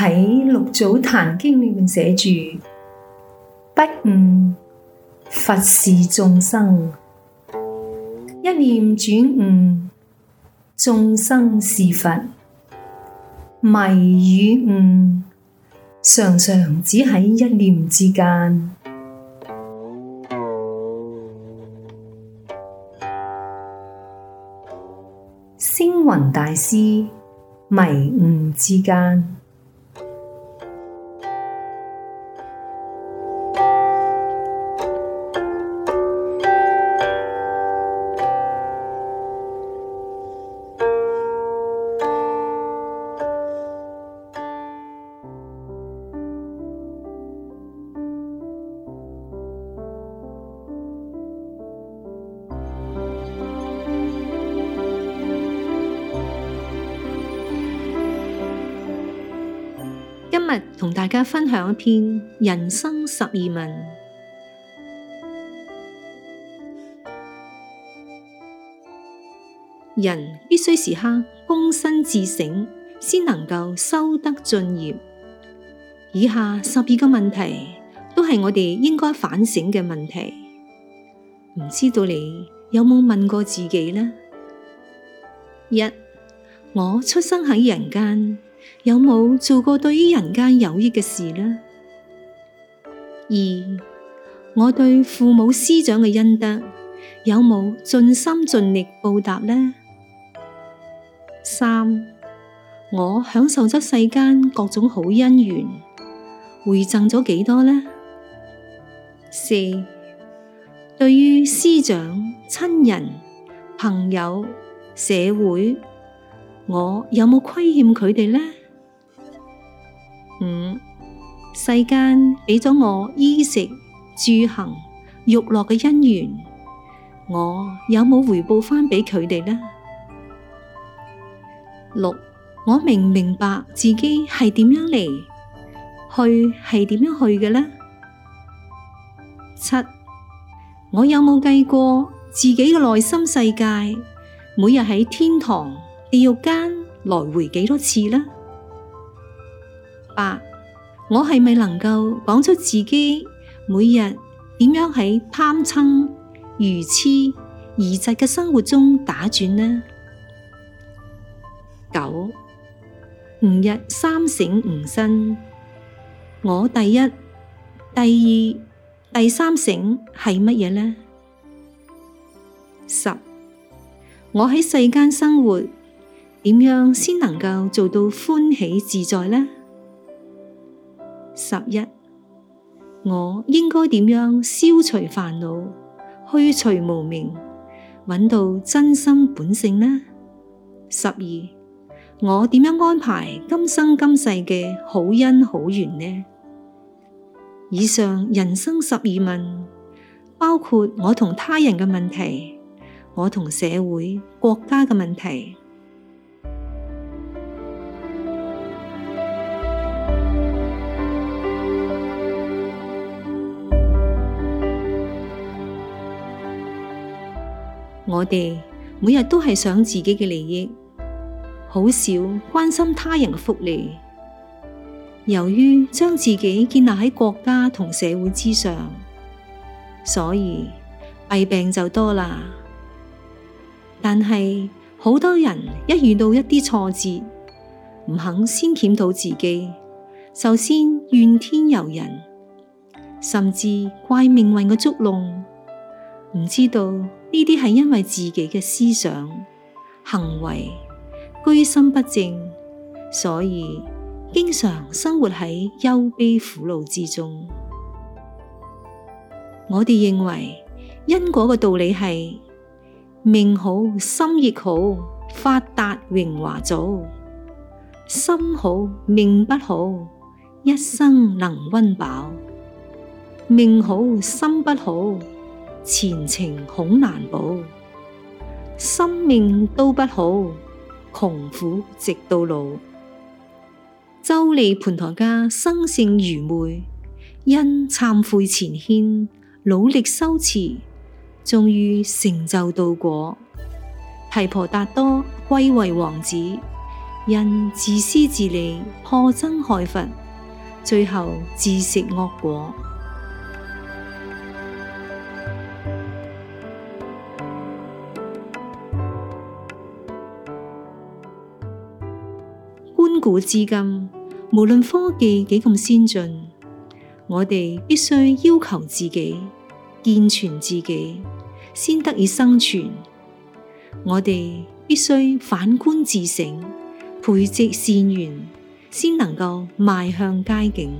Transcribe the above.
喺六祖壇經裏面寫住，不悟佛是眾生，一念轉悟眾生是佛，迷與悟常常只喺一念之間。星雲大師迷悟之間。今日同大家分享一篇人生十二問。人必須時刻躬身自省，先能夠修德進業。以下十二個問題都係我哋應該反省嘅問題。唔知道你有冇問過自己呢？一，我出生喺人間。有冇做過對於人間有益嘅事呢？二，我對父母師長嘅恩德有冇盡心盡力報答呢？三，我享受咗世間各種好因好緣，回饋咗幾多呢？四，對於師長、親人、朋友、社會。我有冇虧欠佢哋呢？五、世間俾咗我衣食住行、育樂嘅因緣，我有冇回報返俾佢哋呢？六、我明唔明白自己係點樣嚟，去係點樣去嘅呢？七、我有冇計過自己嘅內心世界，每日喺天堂，地獄間來回幾多次呢？八，我係咪能夠講出自己每日點樣喺貪嗔愚痴疑嫉嘅生活中打轉呢？九，吾日三省吾身，我第一、第二、第三省係乜嘢呢？十，我喺世間生活。點樣先能夠做到歡喜自在呢？十一，我應該點樣消除煩惱、去除無明，搵到真心本性呢？十二，我點樣安排今生今世嘅好因好緣呢？以上人生十二問，包括我同他人嘅問題，我同社會、國家嘅問題。我哋每日都係想自己嘅利益，好少關心他人嘅福利。由於將自己建立喺國家同社會之上，所以弊病就多啦。但係好多人一遇到一啲挫折，唔肯先檢討自己，就先怨天尤人，甚至怪命運嘅捉弄，唔知道。呢啲係因為自己嘅思想、行為、居心不正，所以經常生活喺憂悲苦惱之中。我哋認為因果嘅道理係命好心亦好，發達榮華早；心好命不好，一生能溫飽；命好心不好。前程恐難保，生命都不好，窮苦直到老。周利槃陀伽生性愚昧，因懺悔前愆，努力修持，終於成就道果。提婆達多貴為王子，因自私自利，破僧害佛，最後自食惡果。古至今，無論科技幾咁先進，我哋必須要求自己健全自己，先得以生存；我哋必須反觀自省，培植善緣，先能夠邁向佳境。